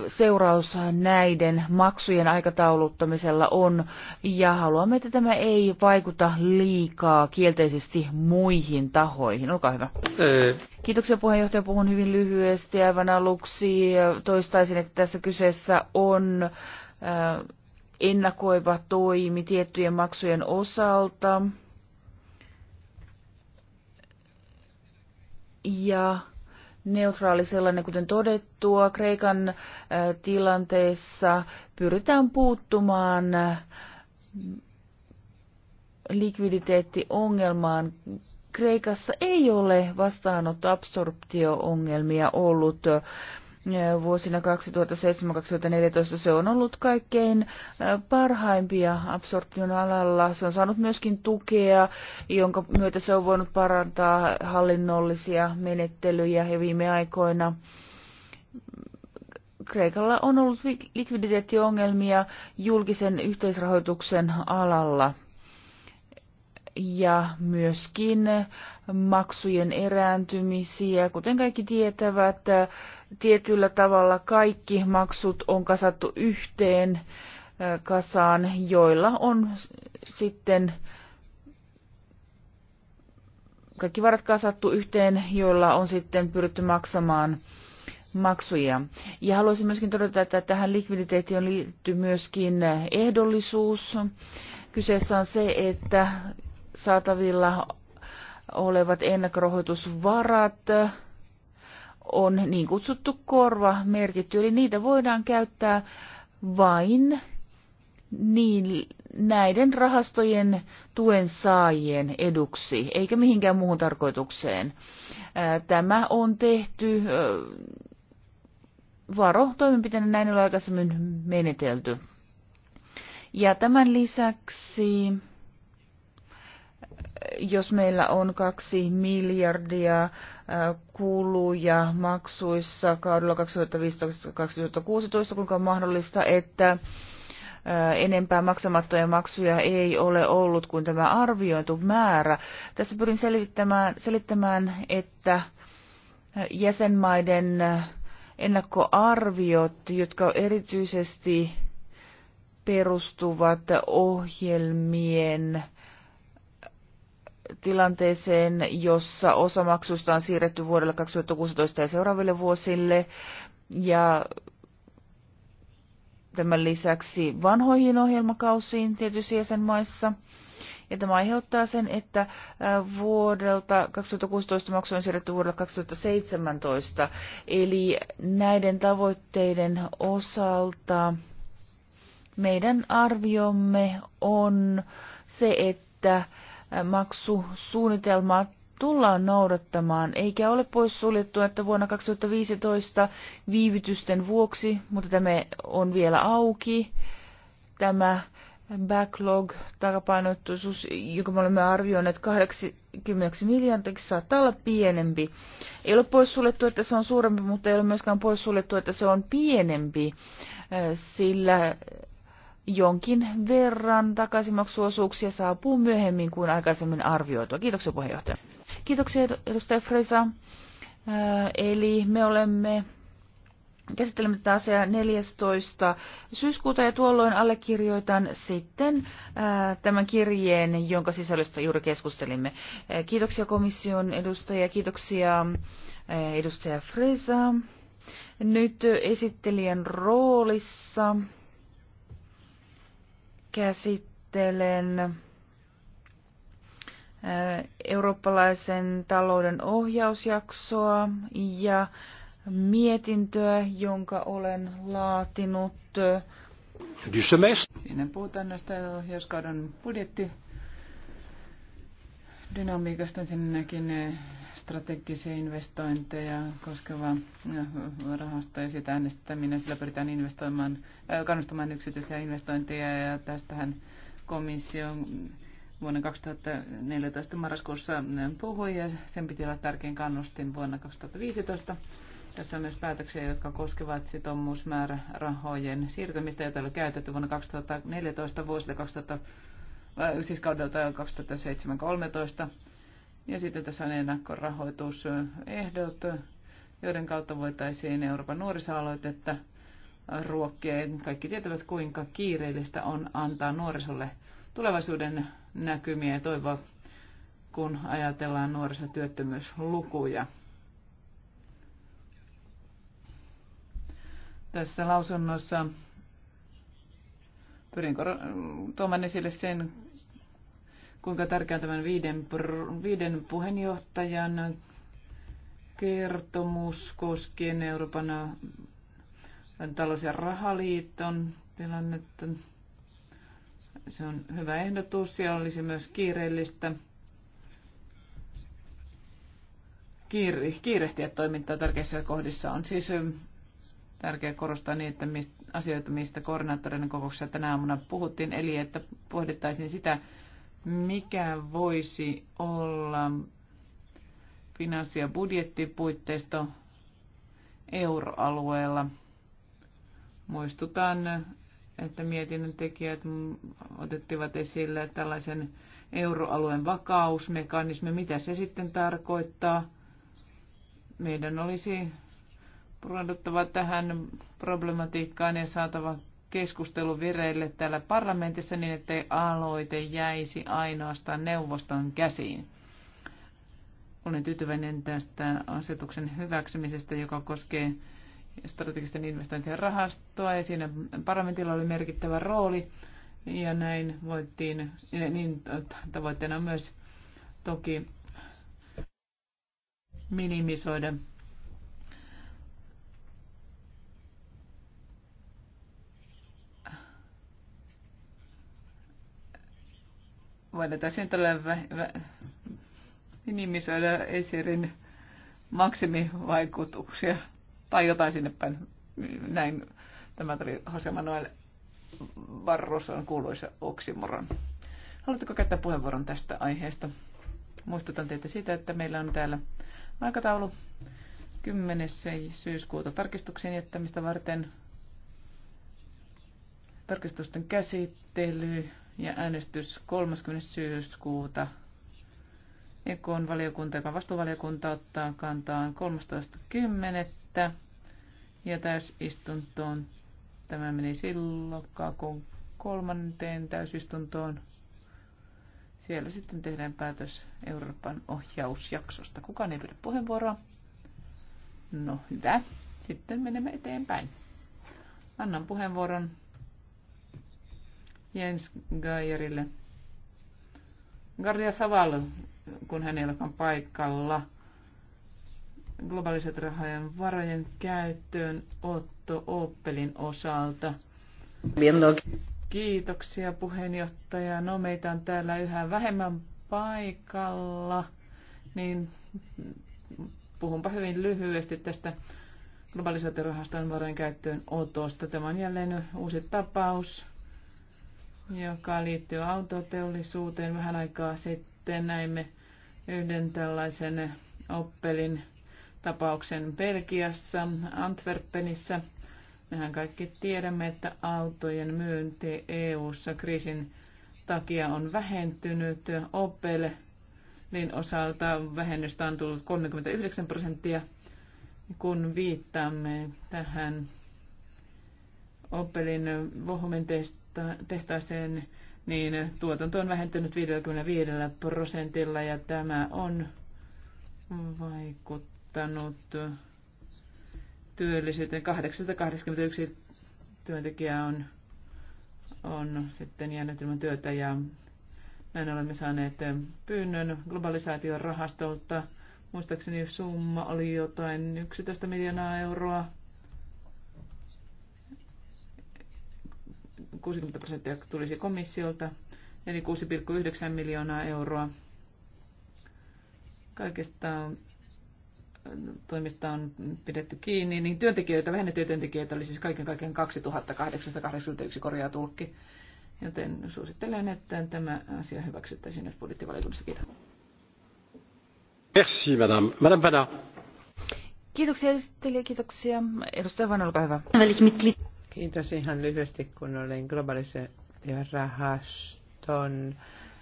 seuraus näiden maksujen aikatauluttamisella on, ja haluamme, että tämä ei vaikuta liikaa kielteisesti muihin tahoihin. Olkaa hyvä. Ei. Kiitoksia puheenjohtaja, puhun hyvin lyhyesti aivan aluksi. Toistaisin, että tässä kyseessä on ennakoiva toimi tiettyjen maksujen osalta. ja neutraali sellainen, kuten todettua. Kreikan tilanteessa pyritään puuttumaan likviditeettiongelmaan. Kreikassa ei ole vastaanottoabsorptio-ongelmia ollut vuosina 2007-2014 se on ollut kaikkein parhaimpia absorption alalla. Se on saanut myöskin tukea, jonka myötä se on voinut parantaa hallinnollisia menettelyjä ja viime aikoina Kreikalla on ollut likviditeettiongelmia julkisen yhteisrahoituksen alalla ja myöskin maksujen erääntymisiä. Kuten kaikki tietävät, tietyllä tavalla kaikki maksut on kasattu yhteen kasaan, joilla on sitten kaikki varat kasattu yhteen, joilla on sitten pyritty maksamaan maksuja. Ja haluaisin myöskin todeta, että tähän likviditeettiin liittyy myöskin ehdollisuus. Kyseessä on se, että saatavilla olevat ennakkorahoitusvarat on niin kutsuttu korva merkitty, eli niitä voidaan käyttää vain niin näiden rahastojen tuen saajien eduksi, eikä mihinkään muuhun tarkoitukseen. Tämä on tehty varo toimenpiteenä, näin ei aikaisemmin menetelty. Ja tämän lisäksi jos meillä on kaksi miljardia äh, kuluja maksuissa kaudella 2015-2016, kuinka on mahdollista, että äh, enempää maksamattomia maksuja ei ole ollut kuin tämä arvioitu määrä. Tässä pyrin selittämään, selittämään että äh, jäsenmaiden ennakkoarviot, jotka erityisesti perustuvat ohjelmien tilanteeseen, jossa osa maksuista on siirretty vuodelle 2016 ja seuraaville vuosille. Ja tämän lisäksi vanhoihin ohjelmakausiin tietyissä jäsenmaissa. Ja tämä aiheuttaa sen, että vuodelta 2016 maksu on siirretty vuodelle 2017. Eli näiden tavoitteiden osalta meidän arviomme on se, että maksusuunnitelmaa tullaan noudattamaan, eikä ole poissuljettu, että vuonna 2015 viivytysten vuoksi, mutta tämä on vielä auki, tämä backlog, takapainoittuisuus, joka me olemme arvioineet 80 miljardiksi, saattaa olla pienempi. Ei ole poissuljettu, että se on suurempi, mutta ei ole myöskään poissuljettu, että se on pienempi, sillä jonkin verran takaisinmaksuosuuksia saapuu myöhemmin kuin aikaisemmin arvioitua. Kiitoksia puheenjohtaja. Kiitoksia edustaja Fresa. Äh, eli me olemme käsittelemme tätä asiaa 14. syyskuuta ja tuolloin allekirjoitan sitten äh, tämän kirjeen, jonka sisällöstä juuri keskustelimme. Äh, kiitoksia komission edustajia, kiitoksia edustaja Fresa. Nyt esittelijän roolissa käsittelen äh, eurooppalaisen talouden ohjausjaksoa ja mietintöä, jonka olen laatinut. Siinä puhutaan näistä ohjauskauden budjetti dynamiikasta ensinnäkin äh, strategisia investointeja koskeva äh, rahasto ja sitä äänestäminen. Sillä pyritään investoimaan, äh, kannustamaan yksityisiä investointeja ja tästähän komissio vuonna 2014 marraskuussa äh, puhui ja sen piti olla tärkein kannustin vuonna 2015. Tässä on myös päätöksiä, jotka koskevat sitoumusmäärärahojen siirtämistä, joita oli käytetty vuonna 2014 vuosilta 2000, siis kaudelta 2007-2013 ja sitten tässä on ennakkorahoitusehdot, joiden kautta voitaisiin Euroopan nuorisoaloitetta ruokkeen. Kaikki tietävät, kuinka kiireellistä on antaa nuorisolle tulevaisuuden näkymiä ja toivoa, kun ajatellaan nuorisotyöttömyyslukuja. Tässä lausunnossa pyrin tuomaan esille sen, kuinka tärkeä tämän viiden, viiden puheenjohtajan kertomus koskien Euroopan äh, talous- ja rahaliiton tilannetta. Se on hyvä ehdotus ja olisi myös kiireellistä kiirehtiä toimintaa tärkeissä kohdissa. On siis äh, tärkeää korostaa niin, että mistä, asioita, mistä koordinaattoreiden kokouksessa tänä aamuna puhuttiin, eli että pohdittaisiin sitä, mikä voisi olla finanssi- ja budjettipuitteisto euroalueella. Muistutan, että mietinnön tekijät otettivat esille tällaisen euroalueen vakausmekanismi, mitä se sitten tarkoittaa. Meidän olisi pureuduttava tähän problematiikkaan ja saatava keskustelu vireille täällä parlamentissa niin, että aloite jäisi ainoastaan neuvoston käsiin. Olen tyytyväinen tästä asetuksen hyväksymisestä, joka koskee strategisten investointien rahastoa ja siinä parlamentilla oli merkittävä rooli ja näin voittiin, niin tavoitteena myös toki minimisoida voitaisiin tällä vä- vä- minimisoida esirin maksimivaikutuksia tai jotain sinne päin. Näin tämä tuli Jose Manuel Barroson kuuluisa oksimoron. Haluatteko käyttää puheenvuoron tästä aiheesta? Muistutan teitä siitä, että meillä on täällä aikataulu 10. syyskuuta tarkistuksen jättämistä varten. Tarkistusten käsittely ja äänestys 30. syyskuuta. Ekon valiokunta, joka vastuvaliokunta ottaa kantaan 13.10. Ja täysistuntoon tämä meni silloin kun kolmanteen täysistuntoon. Siellä sitten tehdään päätös Euroopan ohjausjaksosta. Kukaan ei pidä puheenvuoroa. No hyvä. Sitten menemme eteenpäin. Annan puheenvuoron Jens Geierille. Gardia Saval, kun hän ei olekaan paikalla. Globaaliset rahojen varojen käyttöön Otto Oppelin osalta. Kiitoksia puheenjohtaja. No meitä on täällä yhä vähemmän paikalla, niin puhunpa hyvin lyhyesti tästä globalisaatiorahaston varojen käyttöön otosta. Tämä on jälleen uusi tapaus joka liittyy autoteollisuuteen. Vähän aikaa sitten näimme yhden tällaisen Oppelin tapauksen Belgiassa, Antwerpenissä. Mehän kaikki tiedämme, että autojen myynti EU-ssa kriisin takia on vähentynyt. Opel niin osalta vähennystä on tullut 39 prosenttia. Kun viittaamme tähän Opelin tehtaaseen, niin tuotanto on vähentynyt 55 prosentilla ja tämä on vaikuttanut työllisyyteen. 881 työntekijää on, on sitten jäänyt ilman työtä ja näin olemme saaneet pyynnön globalisaation rahastolta. Muistaakseni summa oli jotain 11 miljoonaa euroa 60 prosenttia tulisi komissiolta, eli 6,9 miljoonaa euroa. Kaikesta toimista on pidetty kiinni, niin työntekijöitä, vähennettyjä työntekijöitä oli siis kaiken kaiken 2881 korjaa tulkki. Joten suosittelen, että tämä asia hyväksyttäisiin nyt budjettivaliokunnassa. Kiitos. Merci, madame. Madame Vanna. Kiitoksia esittelijä, kiitoksia. Edustaja Vanna, olkaa hyvä. Kiitos ihan lyhyesti, kun olen rahaston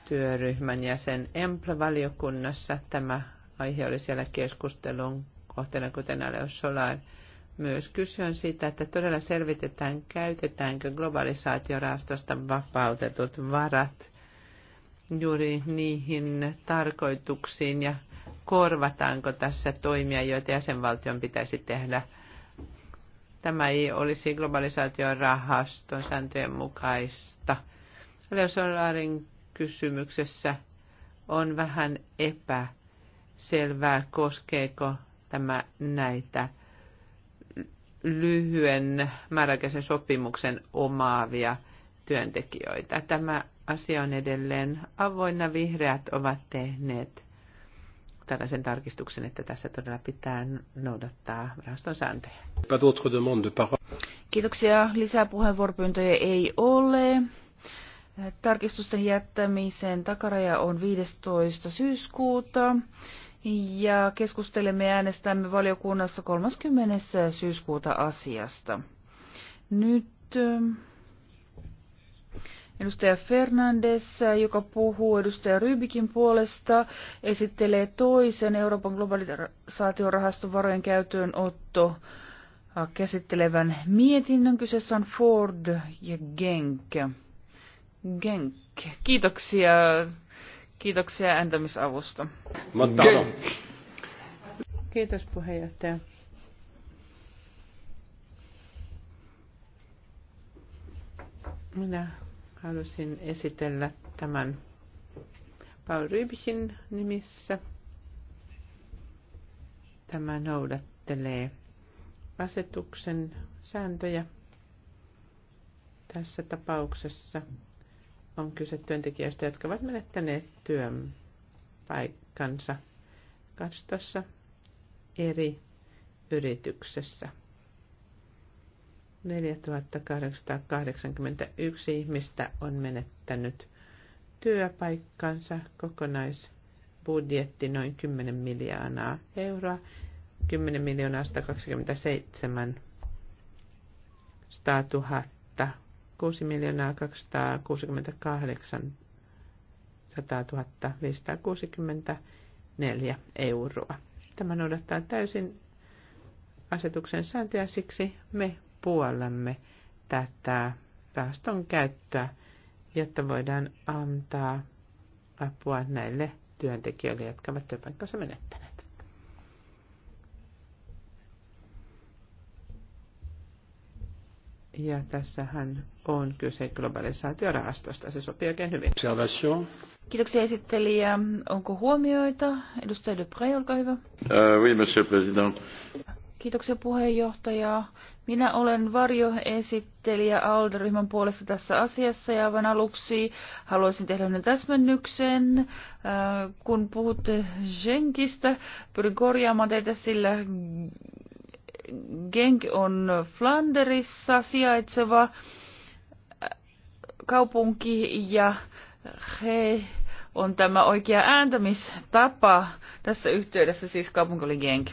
työryhmän jäsen EMPL-valiokunnassa. Tämä aihe oli siellä keskustelun kohteena, kuten Aleo Solar myös kysyä siitä, että todella selvitetään, käytetäänkö globalisaatiorahastosta vapautetut varat juuri niihin tarkoituksiin ja korvataanko tässä toimia, joita jäsenvaltion pitäisi tehdä – Tämä ei olisi globalisaation rahaston sääntöjen mukaista. Solarin kysymyksessä on vähän epäselvää, koskeeko tämä näitä lyhyen määräaikaisen sopimuksen omaavia työntekijöitä. Tämä asia on edelleen avoinna. Vihreät ovat tehneet tällaisen tarkistuksen, että tässä todella pitää noudattaa rahaston sääntöjä. Kiitoksia. Lisää puheenvuoropyyntöjä ei ole. Tarkistusten jättämisen takaraja on 15. syyskuuta ja keskustelemme ja äänestämme valiokunnassa 30. syyskuuta asiasta. Nyt ähm, Edustaja Fernandes, joka puhuu edustaja Rybikin puolesta, esittelee toisen Euroopan globalisaatiorahaston varojen käyttöönotto äh, käsittelevän mietinnön. Kyseessä on Ford ja Genk. Genk. Kiitoksia. Kiitoksia ääntämisavusta. Kiitos puheenjohtaja. Minä halusin esitellä tämän Paul Rybkin nimissä. Tämä noudattelee asetuksen sääntöjä. Tässä tapauksessa on kyse työntekijöistä, jotka ovat menettäneet työpaikkansa 12 eri yrityksessä. 4881 ihmistä on menettänyt työpaikkansa, kokonaisbudjetti noin 10 miljoonaa euroa, 10 miljoonaa 127 100 000, 6 miljoonaa 268 100 564 euroa. Tämä noudattaa täysin asetuksen sääntöjä, siksi me puolellamme tätä rahaston käyttöä, jotta voidaan antaa apua näille työntekijöille, jotka ovat työpaikkansa menettäneet. Ja tässähän on kyse globalisaatiorahastosta. Se sopii oikein hyvin. Kiitoksia esittelijä. Onko huomioita? Edustaja Dupré, olkaa hyvä. Uh, oui, monsieur président. Kiitoksia puheenjohtaja. Minä olen varjoesittelijä ALDE-ryhmän puolesta tässä asiassa ja aivan aluksi haluaisin tehdä yhden täsmennyksen. Äh, kun puhutte Genkistä, pyrin korjaamaan teitä sillä Genk on Flanderissa sijaitseva äh, kaupunki ja he on tämä oikea ääntämistapa tässä yhteydessä, siis kaupunki oli Genk.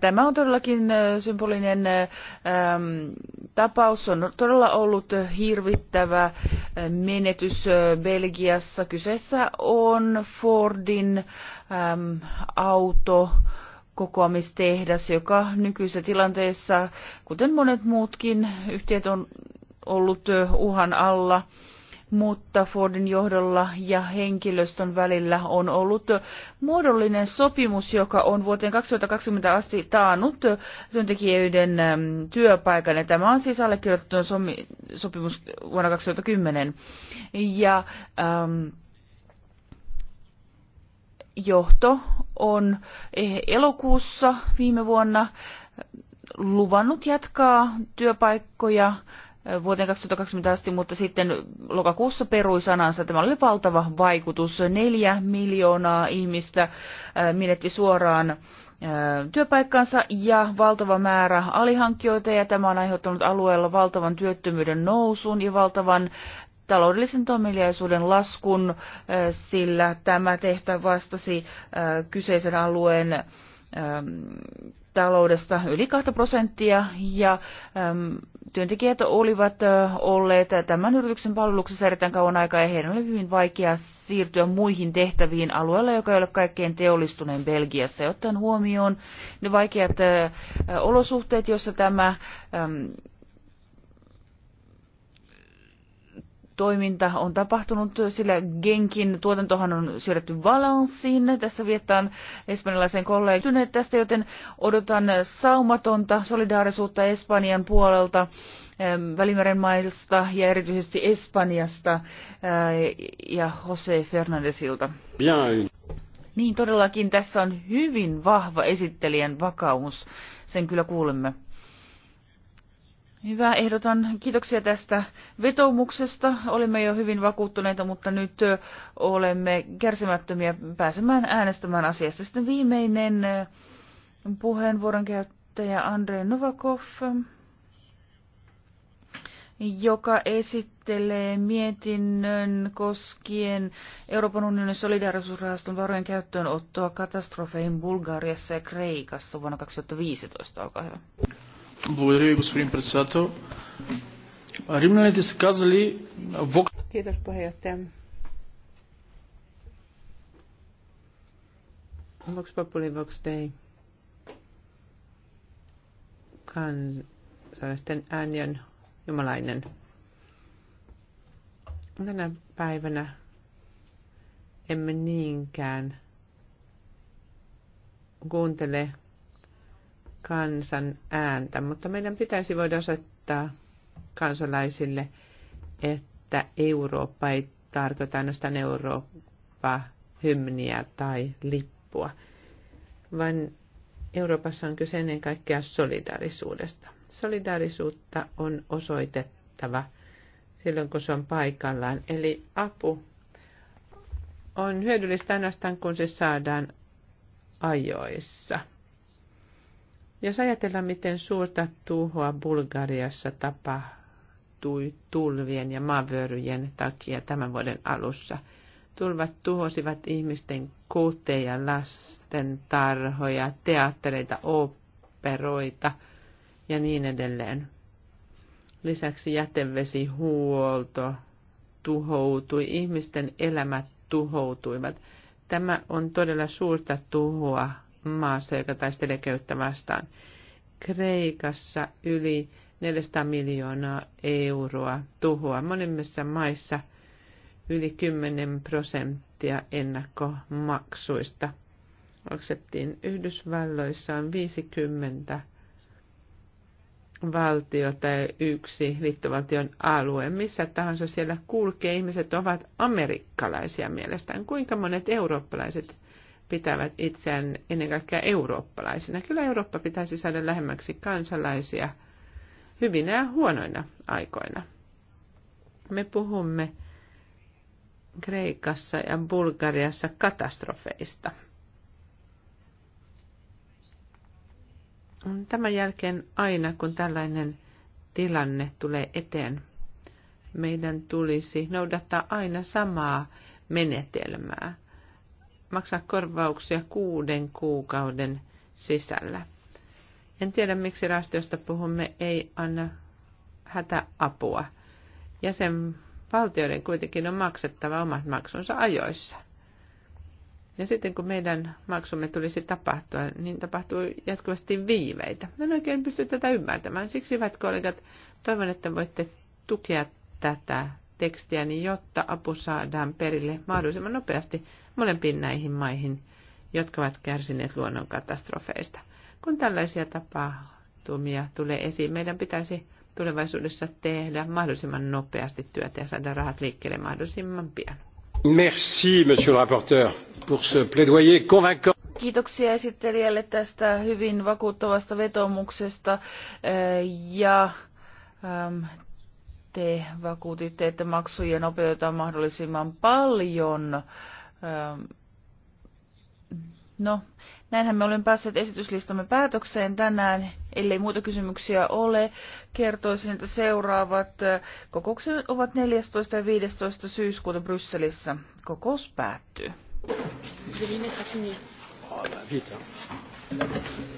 Tämä on todellakin symbolinen tapaus. on todella ollut hirvittävä menetys Belgiassa. Kyseessä on Fordin auto kokoamistehdas, joka nykyisessä tilanteessa, kuten monet muutkin yhtiöt on ollut uhan alla mutta Fordin johdolla ja henkilöstön välillä on ollut muodollinen sopimus, joka on vuoteen 2020 asti taannut työntekijöiden työpaikan. Ja tämä on siis allekirjoitettu sopimus vuonna 2010. Ja ähm, johto on e, elokuussa viime vuonna luvannut jatkaa työpaikkoja vuoteen 2020 asti, mutta sitten lokakuussa perui sanansa. Tämä oli valtava vaikutus. Neljä miljoonaa ihmistä menetti suoraan työpaikkansa ja valtava määrä alihankkijoita ja tämä on aiheuttanut alueella valtavan työttömyyden nousun ja valtavan taloudellisen toimeliaisuuden laskun, sillä tämä tehtävä vastasi kyseisen alueen taloudesta yli 2 prosenttia ja äm, työntekijät olivat ä, olleet tämän yrityksen palveluksessa erittäin kauan aikaa ja heidän oli hyvin vaikea siirtyä muihin tehtäviin alueella, joka ei ole kaikkein teollistuneen Belgiassa. Ja ottaen huomioon ne vaikeat ä, olosuhteet, joissa tämä äm, toiminta on tapahtunut, sillä Genkin tuotantohan on siirretty Valenssiin. Tässä viettään espanjalaisen kollegityneet tästä, joten odotan saumatonta solidaarisuutta Espanjan puolelta. Välimeren mailta ja erityisesti Espanjasta eh, ja Jose Fernandesilta. Bien. Niin todellakin tässä on hyvin vahva esittelijän vakaumus, sen kyllä kuulemme. Hyvä, ehdotan kiitoksia tästä vetoumuksesta. Olimme jo hyvin vakuuttuneita, mutta nyt olemme kärsimättömiä pääsemään äänestämään asiasta. Sitten viimeinen puheenvuoron käyttäjä Andrei Novakov, joka esittelee mietinnön koskien Euroopan unionin solidaarisuusrahaston varojen käyttöönottoa katastrofeihin Bulgariassa ja Kreikassa vuonna 2015. Olkaa hyvä. Благодаря ви, господин председател. Римляните са казали... Вок... Vox Populi Vox Dei. Kansalaisten äänien jumalainen. Tänä päivänä emme niinkään kuuntele kansan ääntä, mutta meidän pitäisi voida osoittaa kansalaisille, että Eurooppa ei tarkoita ainoastaan Eurooppa hymniä tai lippua, vaan Euroopassa on kyse ennen kaikkea solidaarisuudesta. Solidaarisuutta on osoitettava silloin, kun se on paikallaan. Eli apu on hyödyllistä ainoastaan, kun se saadaan ajoissa – jos ajatellaan, miten suurta tuhoa Bulgariassa tapahtui tulvien ja maavyöryjen takia tämän vuoden alussa, tulvat tuhosivat ihmisten koteja, lasten tarhoja, teattereita, operoita ja niin edelleen. Lisäksi jätevesihuolto tuhoutui, ihmisten elämät tuhoutuivat. Tämä on todella suurta tuhoa maassa, joka taistelee köyttä vastaan. Kreikassa yli 400 miljoonaa euroa tuhoa. Monimmissa maissa yli 10 prosenttia ennakkomaksuista. Oksettiin Yhdysvalloissa on 50 valtio tai yksi liittovaltion alue, missä tahansa siellä kulkee, ihmiset ovat amerikkalaisia mielestään. Kuinka monet eurooppalaiset pitävät itseään ennen kaikkea eurooppalaisina. Kyllä Eurooppa pitäisi saada lähemmäksi kansalaisia hyvinä ja huonoina aikoina. Me puhumme Kreikassa ja Bulgariassa katastrofeista. Tämän jälkeen aina kun tällainen tilanne tulee eteen, meidän tulisi noudattaa aina samaa menetelmää – maksaa korvauksia kuuden kuukauden sisällä. En tiedä, miksi rastiosta puhumme ei anna hätäapua. Jäsenvaltioiden kuitenkin on maksettava omat maksunsa ajoissa. Ja sitten kun meidän maksumme tulisi tapahtua, niin tapahtuu jatkuvasti viiveitä. En oikein pysty tätä ymmärtämään. Siksi, hyvät kollegat, toivon, että voitte tukea tätä tekstiä niin, jotta apu saadaan perille mahdollisimman nopeasti molempiin näihin maihin, jotka ovat kärsineet luonnonkatastrofeista. Kun tällaisia tapahtumia tulee esiin, meidän pitäisi tulevaisuudessa tehdä mahdollisimman nopeasti työtä ja saada rahat liikkeelle mahdollisimman pian. Merci, monsieur le rapporteur, pour ce plaidoyer convaincant. Kiitoksia esittelijälle tästä hyvin vakuuttavasta vetomuksesta äh, ja ähm, te vakuutitte, että maksuja nopeutetaan mahdollisimman paljon. Ähm, no, näinhän me olemme päässeet esityslistamme päätökseen tänään. Ellei muita kysymyksiä ole, kertoisin, että seuraavat kokoukset ovat 14. ja 15. syyskuuta Brysselissä. Kokous päättyy. Thank you.